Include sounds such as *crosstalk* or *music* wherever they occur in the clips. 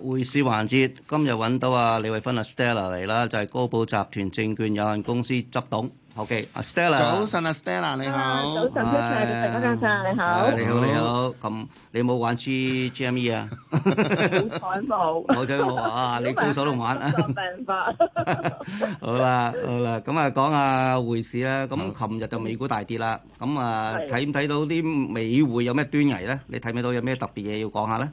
匯市環節，今日搵到啊李慧芬啊 Stella 嚟啦，就係高寶集團證券有限公司執董。OK，Stella。早晨啊 Stella，你好。早晨，多謝大家早晨，你好。你好，你好。咁你冇玩 G G M E 啊？冇彩帽，冇彩帽啊！你高手都玩啊？冇辦法。好啦，好啦，咁啊講下匯市啦。咁琴日就美股大跌啦。咁啊睇唔睇到啲美匯有咩端倪咧？你睇唔睇到有咩特別嘢要講下咧？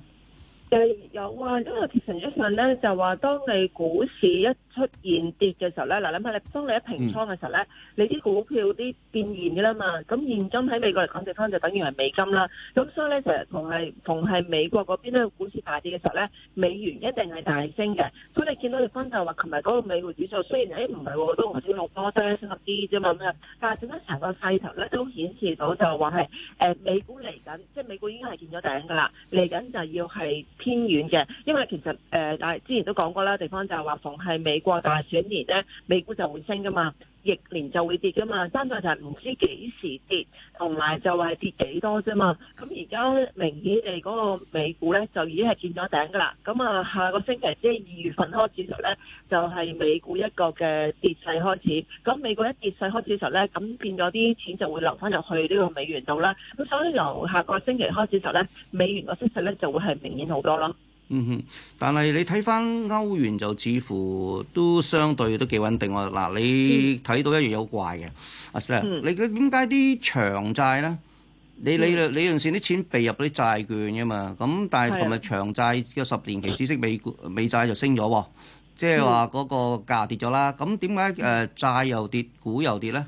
誒，有啊，因為其實事實上咧就話，當你股市一出現跌嘅時候咧，嗱，諗下你當你一平倉嘅時候咧，你啲股票啲變現嘅啦嘛，咁現金喺美國嚟講地方就等於係美金啦。咁所以咧，成日逢係逢係美國嗰邊咧股市大跌嘅時候咧，美元一定係大升嘅。咁你見到地方就話，琴日嗰個美匯指數雖然誒唔係喎，都唔知落多啲合啲啫嘛咩，但係整粒成個勢頭咧都顯示到就話係誒美股嚟緊，即係美股已經係見咗頂噶啦，嚟緊就要係偏軟嘅，因為其實誒，但、呃、係之前都講過啦，地方就係話逢係美。過大選年咧，美股就會升噶嘛，逆年就會跌噶嘛，相對就係唔知幾時跌，同埋就係跌幾多啫嘛。咁而家明顯地嗰個美股咧，就已經係見咗頂噶啦。咁啊，下個星期即係二月份開始嘅時候咧，就係、是、美股一個嘅跌勢開始。咁美股一跌勢開始嘅時候咧，咁變咗啲錢就會流翻入去呢個美元度啦。咁所以由下個星期開始嘅時候咧，美元個息勢咧就會係明顯好多咯。嗯哼，但係你睇返歐元就似乎都相對都幾穩定喎。嗱，你睇到一樣有怪嘅，阿、嗯、施、啊、你嘅點解啲長債咧？你你、嗯、你用線啲錢避入嗰啲債券嘅嘛？咁但係同埋長債十年期孳息、嗯、美股美債就升咗喎，即係話嗰個價跌咗啦。咁點解債又跌，股又跌咧？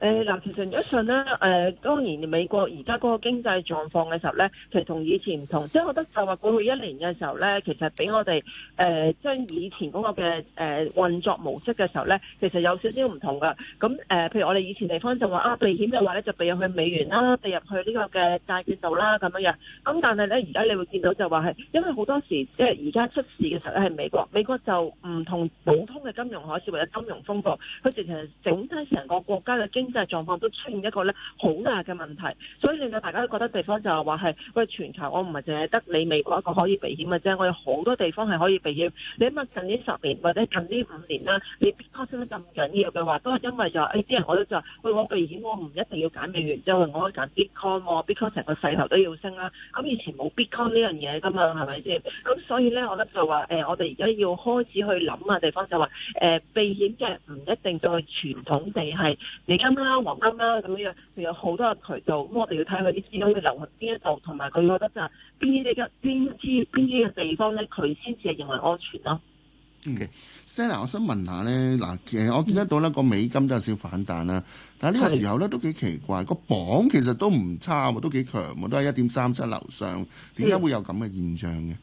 誒、哎、嗱，其實一上咧，誒、呃、當然美國而家嗰個經濟狀況嘅時候咧，其實同以前唔同，即、就、係、是、我覺得就話過去一年嘅時候咧，其實俾我哋誒將以前嗰個嘅誒運作模式嘅時候咧，其實有少少唔同噶。咁誒、呃，譬如我哋以前地方就話啊，避險嘅話咧就避入去美元啦、啊，避入去這個這呢個嘅債券度啦，咁樣樣。咁但係咧而家你會見到就話係，因為好多時即係而家出事嘅時候係美國，美國就唔同普通嘅金融海嘯或者金融風暴，佢直情係整低成個國家嘅經。經濟狀況都出現一個咧好大嘅問題，所以令到大家都覺得地方就係話係喂全球，我唔係淨係得你美國一個可以避險嘅啫，我有好多地方係可以避險。你問近呢十年或者近呢五年啦，你 Bitcoin 升得咁緊要嘅話，都係因為就係、哎、啲人我都就話，我避險，我唔一定要揀美元之後，我可以揀 Bitcoin，Bitcoin 成個勢頭都要升啦。咁以前冇 Bitcoin 呢樣嘢噶嘛，係咪先？咁所以咧，我覺得就話誒、呃，我哋而家要開始去諗下地方就，就話誒避險嘅唔一定再傳統地係你啦，黃金啦咁樣，佢有好多個渠道，咁我哋要睇佢啲資金嘅流向邊一度，同埋佢覺得就係邊啲一邊支邊啲嘅地方咧，佢先至係認為安全咯。OK，Senna，我想問下咧，嗱，其實我見得到咧個美金都有少少反彈啦，但係呢個時候咧都幾奇怪，個鎊其實都唔差喎，都幾強喎，都係一點三七樓上，點解會有咁嘅現象嘅？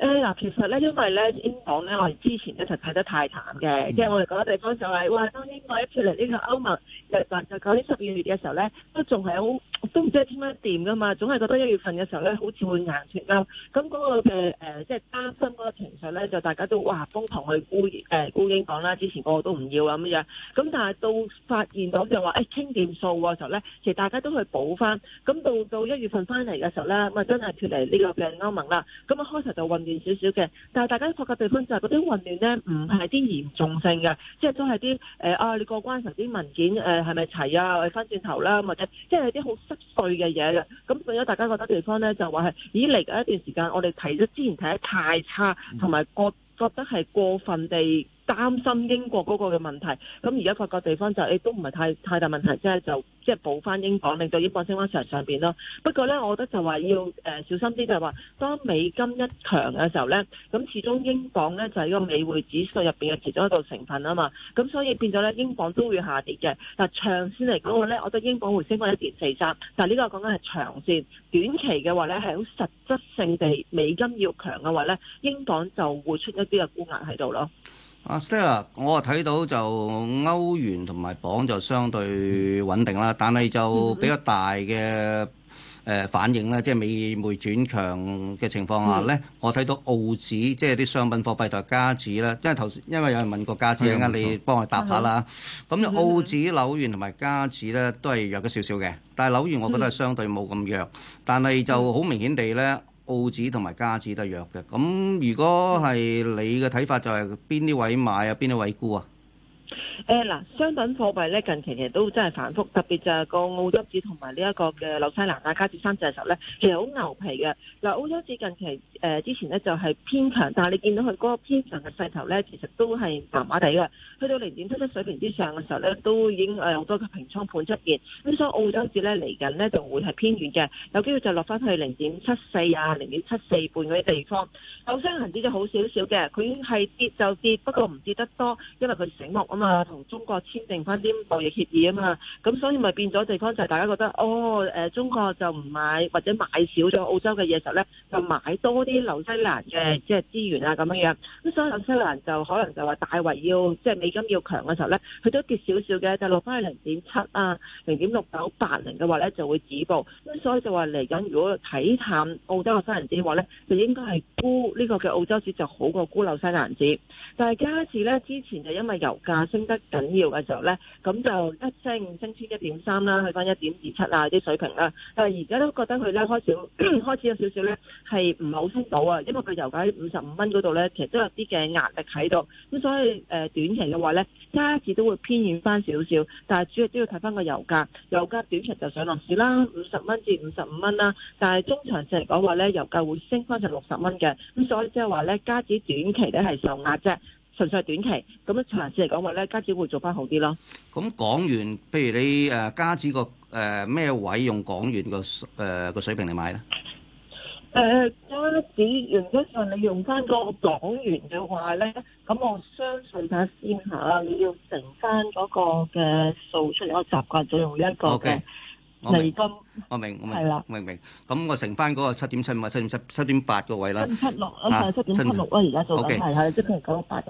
誒，嗱，其實咧，因為咧，英港咧，我哋之前咧就睇得太淡嘅，即、嗯、係、就是、我哋嗰個地方就係、是，哇，當英國一出嚟呢個歐盟日就就九啲十二月嘅時候咧，都仲係好。都唔知係點樣掂噶嘛，總係覺得一月份嘅時候咧，好似會硬脱歐啦。咁嗰個嘅誒，即、呃、係、就是、擔心嗰個情緒咧，就大家都哇瘋狂去沽誒沽英鎊啦。之前個個都唔要啊咁樣。咁但係到發現咗，就話誒、欸、傾掂數嘅時候咧，其實大家都去補翻。咁到到一月份翻嚟嘅時候咧，咪真係脱離呢個嘅歐盟啦。咁啊開頭就混亂少少嘅，但係大家錯嘅地方就係嗰啲混亂咧，唔係啲嚴重性嘅，即係都係啲誒啊你過關時啲文件誒係咪齊啊？翻轉頭啦，或者即係啲好稅嘅嘢嘅，咁變咗大家覺得地方咧就話係，咦嚟緊一段時間我哋睇咗之前睇得太差，同埋覺覺得係過分地。擔心英國嗰個嘅問題，咁而家發覺地方就誒、欸、都唔係太太大問題，即係就即係補翻英鎊，令到英鎊升翻上上邊咯。不過呢，我覺得就話要誒、呃、小心啲，就係話當美金一強嘅時候呢，咁始終英鎊呢就係一個美匯指數入面嘅其中一個成分啊嘛，咁所以變咗呢，英鎊都會下跌嘅。但係長線嚟講呢，我覺得英鎊會升翻一點四三。但呢個講緊係長線，短期嘅話呢係好實質性地美金要強嘅話呢，英鎊就會出一啲嘅沽壓喺度咯。阿 Stella，我啊睇到就歐元同埋磅就相對穩定啦，但係就比較大嘅誒反應啦，mm -hmm. 即係美匯轉強嘅情況下咧，mm -hmm. 我睇到澳紙即係啲商品貨幣同埋加紙咧，因為頭先因為有人問過加紙嘅，等下你幫我答下啦。咁啊，澳紙紐元同埋加紙咧都係弱咗少少嘅，但係紐元我覺得係相對冇咁弱，mm -hmm. 但係就好明顯地咧。澳紙同埋加紙都弱嘅，咁如果係你嘅睇法，就係邊啲位買啊，邊啲位沽啊？誒，嗱，商品貨幣咧近期其實都真係反覆，特別就係個澳洲紙同埋呢一個嘅紐西蘭加紙三隻嘅時候咧，其實好牛皮嘅。嗱，澳洲紙近期。誒之前呢就係偏強，但係你見到佢嗰個偏強嘅勢頭呢，其實都係麻麻地嘅。去到零點七七水平之上嘅時候呢，都已經有好多個平倉盤出現。咁所以澳洲指呢，嚟緊呢就會係偏遠嘅，有機會就落翻去零點七四啊，零點七四半嗰啲地方。歐洲恆指就好少少嘅，佢已經係跌就跌，不過唔跌得多，因為佢醒目啊嘛，同中國簽訂翻啲貿易協議啊嘛，咁所以咪變咗地方就係大家覺得哦，誒中國就唔買或者買少咗澳洲嘅嘢時候呢，就買多啲。啲紐西蘭嘅即係資源啊咁樣樣，咁所以紐西蘭就可能就話大圍要即係、就是、美金要強嘅時候咧，佢都跌少少嘅，就落翻去零點七啊、零點六九八零嘅話咧就會止步。咁所以就話嚟緊，如果睇淡澳洲嘅西蘭紙嘅話咧，就應該係沽呢、這個嘅澳洲紙就好過沽紐西蘭紙。但係今次咧之前就因為油價升得緊要嘅時候咧，咁就一升升穿一點三啦，去翻一點二七啊啲水平啦、啊。但係而家都覺得佢咧開始呵呵開始有少少咧係唔好。聽到啊，因為佢油價喺五十五蚊嗰度咧，其實都有啲嘅壓力喺度，咁所以誒短期嘅話咧，加紙都會偏軟翻少少，但係主要都要睇翻個油價，油價短期就上落市啦，五十蚊至五十五蚊啦，但係中長線嚟講話咧，油價會升翻就六十蚊嘅，咁所以即係話咧，加紙短期咧係受壓啫，純粹係短期，咁樣長線嚟講話咧，加紙會做翻好啲咯。咁港元，譬如你誒、呃、加紙個誒咩位用港元個誒個水平嚟買咧？誒，家姐用咗上你用返嗰個港元嘅話咧，咁我相信下先下你要成翻嗰個嘅數出嚟，我習慣咗用一個嘅。我明，我明，係啦，明明。咁我乘翻嗰個七點七五啊，七點七，七點八個位啦。七六，咁七點七六啊，而家做係係七點九八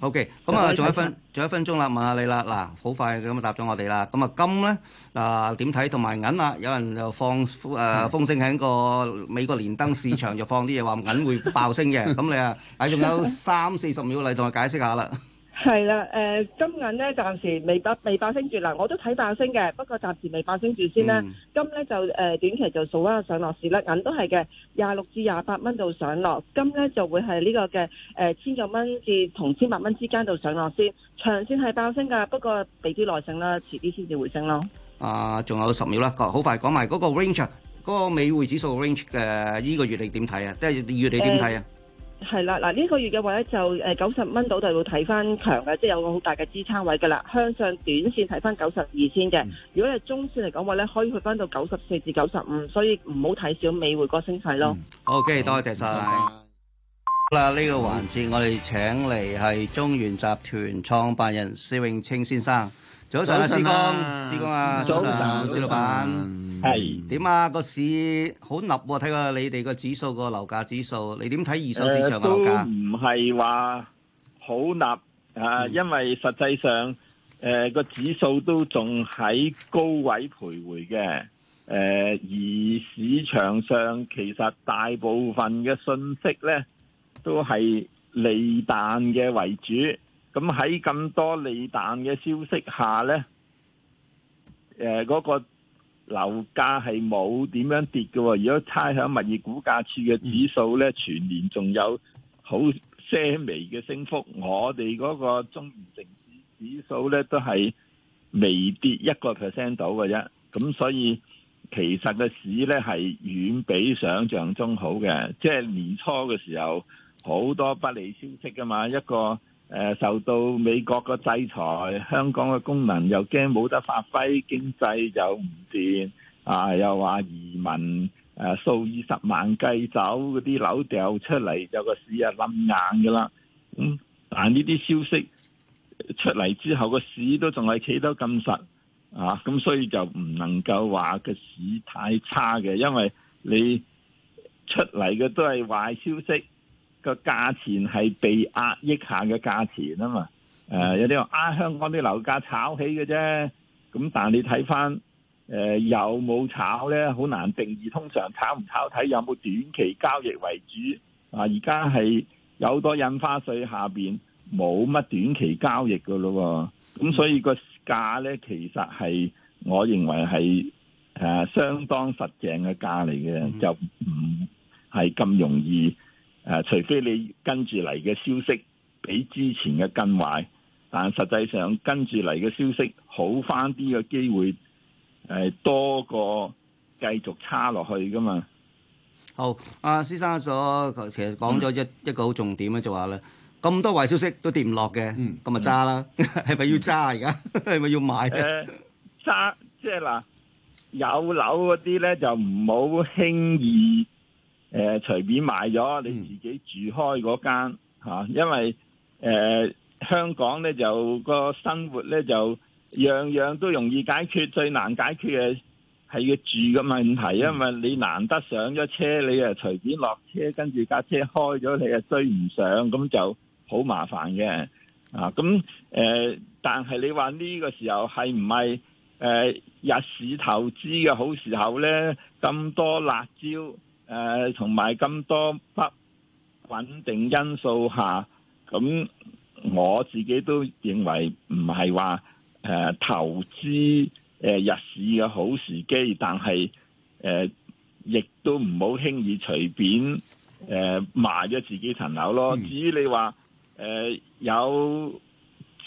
，O K，咁啊，仲一分，仲一分鐘啦，問下你啦。嗱，好快咁答咗我哋啦。咁啊，金咧嗱點睇？同、呃、埋銀啊，有人就放誒、呃、風聲喺個美國連登市場，就放啲嘢話銀會爆升嘅。咁你啊，仲有三四十秒嚟，同我解釋下啦。係啦，誒、呃，金銀咧暫時未爆未爆升住，啦我都睇爆升嘅，不過暫時未爆升住先啦、嗯。金咧就誒、呃、短期就數一上落市啦，銀都係嘅，廿六至廿八蚊度上落，金咧就會係呢個嘅誒千九蚊至同千八蚊之間度上落先，長線係爆升噶，不過俾啲耐性啦，遲啲先至回升咯。呃說說那個、range, 啊，仲有十秒啦，好快講埋嗰個 range，嗰個美匯指數 range 嘅呢個月你點睇啊？即係月你點睇啊？係啦，嗱、這、呢個月嘅話咧就誒九十蚊度就會睇翻強嘅，即、就、係、是、有個好大嘅支撐位噶啦。向上短線睇翻九十二先嘅，如果係中線嚟講話咧，可以去翻到九十四至九十五，所以唔好睇少美匯個升勢咯、嗯。OK，多謝晒。好嗱，呢、這個環節我哋請嚟係中原集團創辦人施永青先生。早晨啊，施生，施生啊，早晨朱老闆，係點啊？個、啊啊啊啊啊啊嗯啊、市好立喎，睇下你哋個指數個樓價指數，你點睇二手市場嘅樓價都唔係話好立啊，因為實際上，誒、呃、個指數都仲喺高位徘徊嘅。誒、呃、而市場上其實大部分嘅信息咧，都係利淡嘅為主。咁喺咁多利淡嘅消息下呢誒，嗰、呃那個樓價係冇點樣跌嘅、哦。如果睇響物業估價署嘅指數呢全年仲有好輕微嘅升幅。我哋嗰個中原城市指數呢都係微跌一個 percent 度嘅啫。咁所以其實個市呢係遠比想象中好嘅。即、就、係、是、年初嘅時候好多不利消息噶嘛，一個。誒，受到美國嘅制裁，香港嘅功能又驚冇得發揮，經濟又唔掂，啊，又話移民，誒、啊，數以十萬計走，嗰啲樓掉出嚟，就個市啊冧硬㗎喇，嗯。咁但呢啲消息出嚟之後，個市都仲係企得咁實啊，咁所以就唔能夠話個市太差嘅，因為你出嚟嘅都係壞消息。個價錢係被壓抑下嘅價錢啊嘛，誒、呃、有啲話啊香港啲樓價炒起嘅啫，咁但係你睇翻誒有冇炒咧，好難定義。通常炒唔炒睇有冇短期交易為主啊，而家係有好多印花稅下邊冇乜短期交易噶咯，咁所以個價咧其實係我認為係誒、呃、相當實淨嘅價嚟嘅，就唔係咁容易。誒、啊，除非你跟住嚟嘅消息比之前嘅更壞，但實實際上跟住嚟嘅消息好翻啲嘅機會、呃、多過繼續差落去噶嘛。好，阿、施、先生所其實講咗一、嗯、一個好重點咧，就話咧咁多壞消息都跌唔落嘅，咁咪揸啦？係咪、嗯、 *laughs* 要揸而家？係、嗯、咪 *laughs* 要買咧？揸即係嗱，有樓嗰啲咧就唔好輕易。誒、呃、隨便買咗你自己住開嗰間、啊、因為誒、呃、香港呢，就、個生活呢，就樣樣都容易解決，最難解決嘅係要住嘅問題，因為你難得上咗車，你啊隨便落車跟住架車開咗，你啊追唔上，咁就好麻煩嘅啊。咁、呃、但係你話呢個時候係唔係日市投資嘅好時候呢？咁多辣椒。誒、啊，同埋咁多不穩定因素下，咁我自己都認為唔係話誒投資誒入市嘅好時機，但係誒亦都唔好輕易隨便誒賣咗自己層樓咯。嗯、至於你話誒、啊、有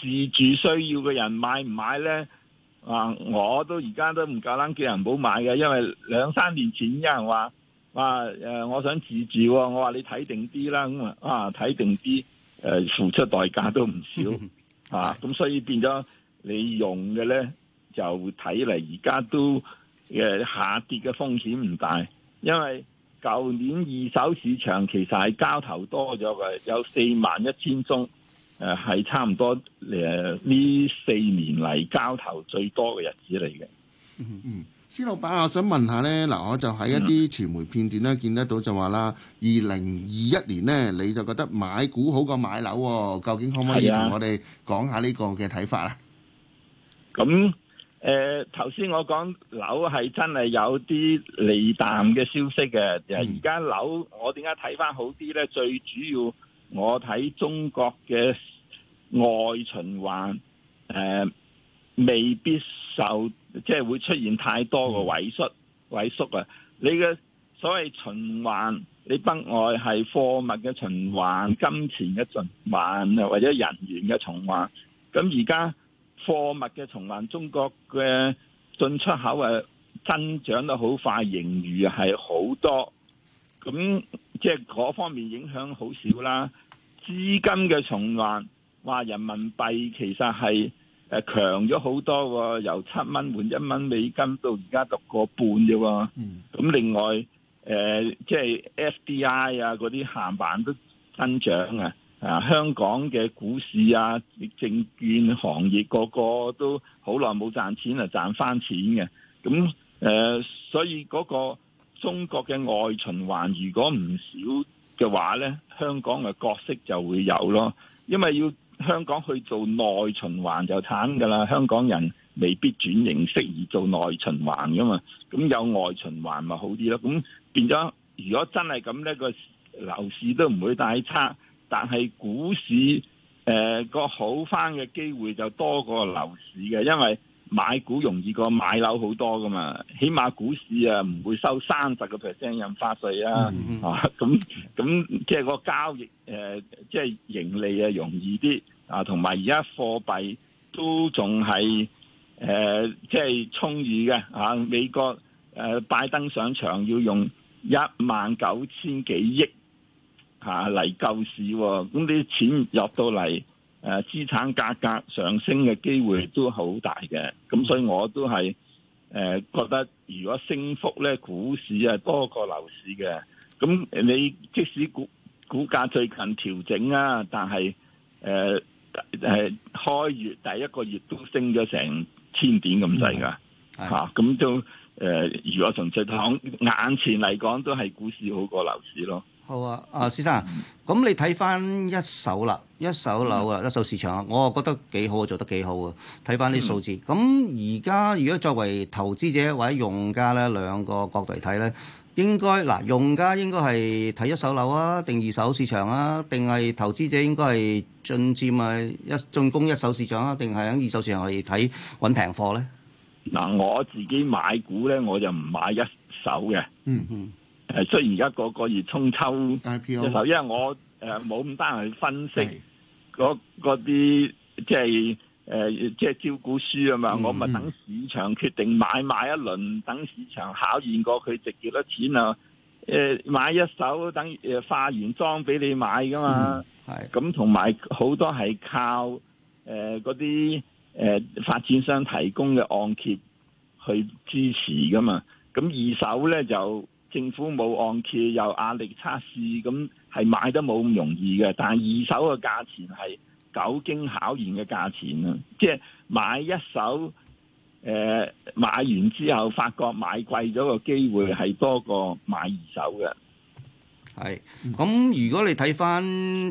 自住需要嘅人買唔買呢？啊，我都而家都唔夠膽叫人唔好買嘅，因為兩三年前有人話。啊！誒、呃，我想自住、啊，我話你睇定啲啦，咁啊，睇定啲，誒、呃，付出代價都唔少， *laughs* 啊，咁所以變咗你用嘅咧，就睇嚟而家都誒、呃、下跌嘅風險唔大，因為舊年二手市場其實係交投多咗嘅，有四萬一千宗，誒、啊，係差唔多誒呢四年嚟交投最多嘅日子嚟嘅。 *laughs* 施老闆，我想問下咧，嗱，我就喺一啲傳媒片段咧見得到就說，就話啦，二零二一年咧，你就覺得買股好過買樓喎？究竟可唔可以同我哋講下呢個嘅睇法啊？咁誒，呃、頭先我講樓係真係有啲利淡嘅消息嘅，嗯、而家樓我點解睇翻好啲咧？最主要我睇中國嘅外循環誒。呃未必受，即係會出現太多嘅萎縮，萎縮啊！你嘅所謂循環，你不外係貨物嘅循環、金錢嘅循環啊，或者人員嘅循環。咁而家貨物嘅循環，中國嘅進出口啊增長得好快，盈餘係好多，咁即係嗰方面影響好少啦。資金嘅循環，話人民幣其實係。誒，強咗好多喎！由七蚊換一蚊美金到而家六個半啫喎。咁、嗯、另外，誒、呃，即係 FDI 啊，嗰啲限板都增長啊！啊，香港嘅股市啊，證券行業個個都好耐冇賺錢啊，賺翻錢嘅。咁誒、呃，所以嗰個中國嘅外循環如果唔少嘅話呢，香港嘅角色就會有咯，因為要。香港去做內循環就慘噶啦，香港人未必轉型適宜做內循環噶嘛，咁有外循環咪好啲咯。咁變咗，如果真係咁呢個樓市都唔會太差，但係股市誒、呃、個好返嘅機會就多過樓市嘅，因為。買股容易過買樓好多㗎嘛，起碼股市啊唔會收三十個 percent 印花稅啊， *laughs* 啊咁咁即係個交易誒，即、呃、係、即係、盈利啊容易啲啊，同埋而家貨幣都仲係誒即係充裕嘅吓、啊，美國誒、呃、拜登上場要用一萬九千幾億吓嚟救市、啊，咁啲錢入到嚟。誒、啊，資產價格上升嘅機會都好大嘅，咁所以我都係誒、呃、覺得，如果升幅咧，股市係多過樓市嘅。咁你即使股股價最近調整啊，但係誒誒開月第一個月都升咗成千點咁滯噶，吓咁都誒，如果純粹講，眼前嚟講都係股市好過樓市咯。好啊，施先生，咁你睇翻一手啦，一手樓啊，一手市場啊，我覺得幾好啊，做得幾好啊。睇翻啲數字，咁而家如果作為投資者或者用家咧，兩個角度嚟睇咧，應該嗱用家應該係睇一手樓啊，定二手市場啊，定係投資者應該係進佔啊一進攻一手市場啊，定係喺二手市場可以睇揾平貨咧？嗱，我自己買股咧，我就唔買一手嘅。嗯嗯。誒，雖然而家個個月中秋的時候，其實因為我誒冇咁多人去分析嗰啲即係，誒即係招股書啊嘛，我咪等市場決定買賣一輪，等市場考驗過佢值幾多錢啊！誒、呃、買一手等誒化完妝俾你買噶嘛，係咁，同埋好多係靠誒嗰啲誒發展商提供嘅按揭去支持噶嘛，咁二手咧就～政府冇按揭又壓力測試，咁係買得冇咁容易嘅。但係二手嘅價錢係久經考驗嘅價錢啦，即係買一手誒、呃、買完之後，發覺買貴咗個機會係多過買二手嘅。係，咁如果你睇翻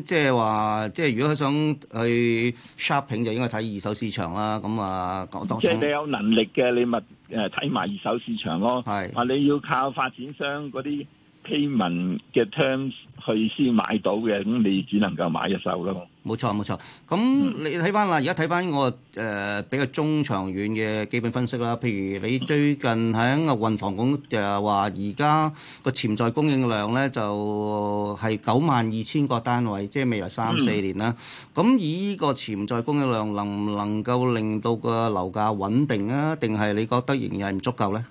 即係話，即、就、係、是就是、如果佢想去 shopping 就應該睇二手市場啦。咁啊，即係你有能力嘅，你咪。誒，睇埋二手市場咯，係話你要靠發展商嗰啲 payment 嘅 terms 去先買到嘅，咁你只能夠買一手咯。冇錯冇錯，咁你睇翻啦，而家睇翻我誒比較中長遠嘅基本分析啦。譬如你最近喺阿運房講就係話，而家個潛在供應量咧就係九萬二千個單位，即係未來三四年啦。咁以呢個潛在供應量，能唔能夠令到個樓價穩定啊？定係你覺得仍然係唔足夠咧？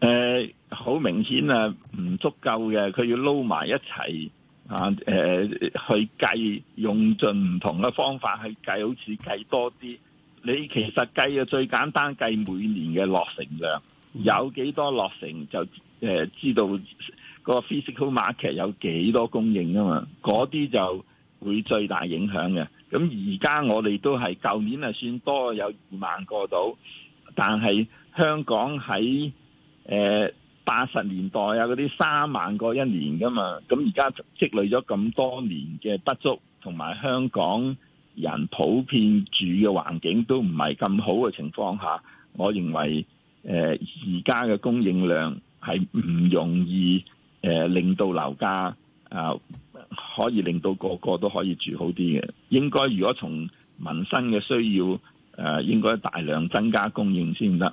誒，好明顯啊，唔足夠嘅，佢要撈埋一齊。啊、呃，去計用盡唔同嘅方法去計，好似計多啲。你其實計嘅最簡單計每年嘅落成量，有幾多落成就、呃、知道個 physical market 有幾多供應噶嘛？嗰啲就會最大影響嘅。咁而家我哋都係舊年係算多有二萬個度，但係香港喺誒。呃八十年代啊，嗰啲三萬個一年噶嘛，咁而家積累咗咁多年嘅不足，同埋香港人普遍住嘅環境都唔係咁好嘅情況下，我認為誒而家嘅供應量係唔容易誒、呃、令到樓價啊可以令到個個都可以住好啲嘅。應該如果從民生嘅需要誒、呃，應該大量增加供應先得。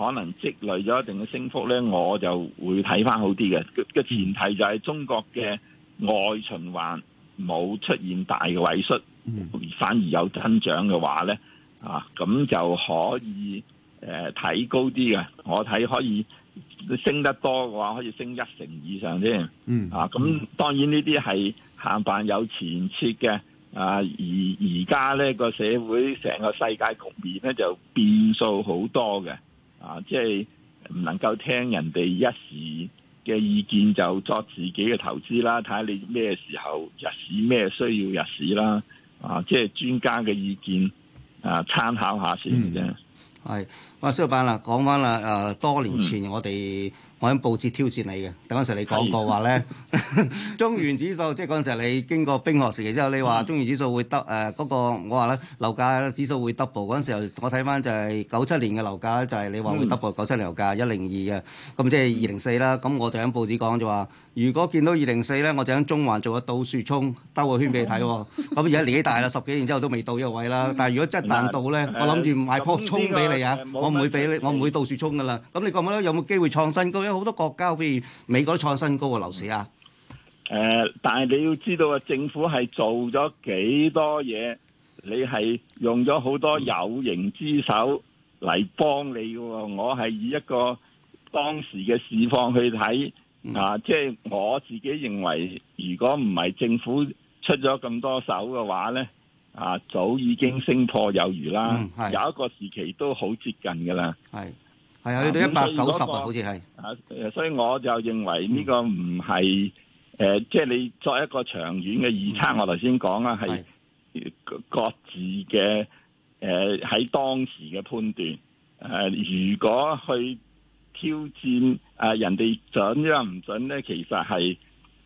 可能積累咗一定嘅升幅咧，我就會睇翻好啲嘅。個前提就係中國嘅外循環冇出現大嘅萎縮，反而有增長嘅話咧，啊，咁就可以誒睇、呃、高啲嘅。我睇可以升得多嘅話，可以升一成以上先。啊，咁、嗯嗯啊、當然呢啲係限範有前設嘅。啊，而而家咧，個社會成個世界局面咧就變數好多嘅。啊，即係唔能夠聽人哋一時嘅意見就作自己嘅投資啦，睇下你咩時候入市，咩需要入市啦。啊，即係專家嘅意見啊，參考下先嘅。係、嗯，阿蘇老闆啦，講翻啦，誒、啊，多年前我哋。嗯我喺報紙挑戰你嘅，嗰陣時你講過話咧，中原指數即係嗰陣時你經過冰河時期之後，你話中原指數會得，呃，嗰個我話咧樓價指數會 double，嗰陣時候我睇返就係九七年嘅樓價，就係你話會 double 九七年樓價一零二嘅，咁即係二零四啦。咁我就喺報紙講就話，如果見到二零四咧，我就喺中環做個倒豎蔥兜個圈俾你睇。咁而家年紀大啦，十幾年之後都未到呢個位啦。但係如果真係彈到咧，我諗住買樖葱俾你啊！我唔會俾你，我唔會倒豎蔥噶啦。咁你覺唔覺得有冇機會創新高？好多國家譬如美國創新高嘅樓市啊！誒、呃，但係你要知道啊，政府係做咗幾多嘢，你係用咗好多有形之手嚟幫你嘅喎。我係以一個當時嘅市況去睇、嗯、啊，即係我自己認為，如果唔係政府出咗咁多手嘅話咧，啊，早已經升破有餘啦、嗯，有一個時期都好接近嘅啦。係。係啊，你一百九十啊，那個、好似係。啊，所以我就認為呢個唔係誒，即、嗯、係、呃就是、你作一個長遠嘅預測。我頭先講啦，係各自嘅誒，喺、呃、當時嘅判斷誒、呃，如果去挑戰誒、呃、人哋準唔準咧，其實係誒、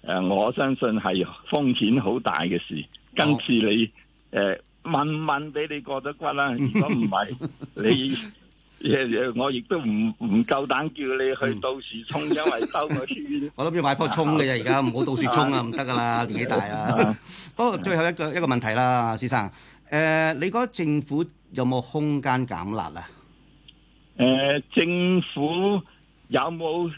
呃，我相信係風險好大嘅事。今、哦、次你誒、呃、問問俾你過咗骨啦、啊，如果唔係 *laughs* 你。我亦都唔唔夠膽叫你去到處衝，因為兜個圈。我諗要買棵蔥嘅啫，而家唔好到處衝啊，唔得㗎喇，年紀大啦。不過最後一個一個問題啦，施先生，誒你覺得政府有冇空間減辣啊？誒，政府有冇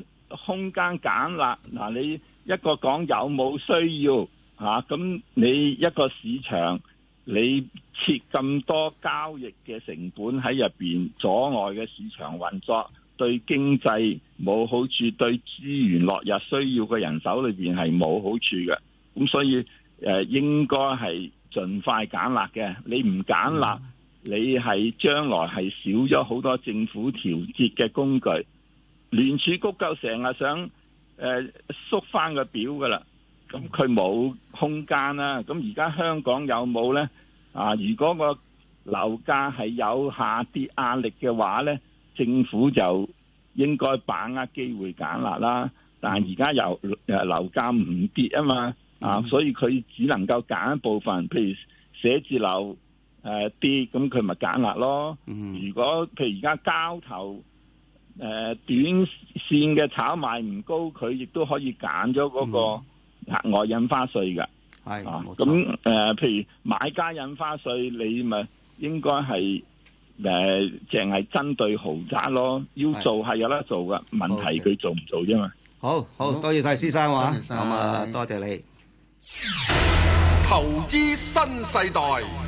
空間減辣？嗱，你一個講有冇需要吓，咁你一個市場，你設咁多交易嘅成本喺入邊，阻礙嘅市場運作，對經濟冇好處，對資源落入需要嘅人手裏邊係冇好處嘅。咁所以誒，應該係盡快減辣嘅。你唔減辣，你係將來係少咗好多政府調節嘅工具。聯儲局夠成日想誒、呃、縮翻個表㗎啦。咁佢冇空間啦、啊。咁而家香港有冇呢？啊，如果個樓價係有下跌壓力嘅話呢，政府就應該把握機會減壓啦。但而家又誒樓價唔跌啊嘛，啊，嗯、所以佢只能夠減一部分。譬如寫字樓誒、呃、跌，咁佢咪減壓咯。如果譬如而家交投、呃、短線嘅炒賣唔高，佢亦都可以減咗嗰個。額外印花稅噶，係，咁、啊、誒、呃，譬如買家印花稅，你咪應該係誒、淨、呃、係針對豪宅咯是，要做係有得做噶，問題佢做唔做啫嘛。好好、好，多謝晒施先生，咁啊，多謝你。投資新世代。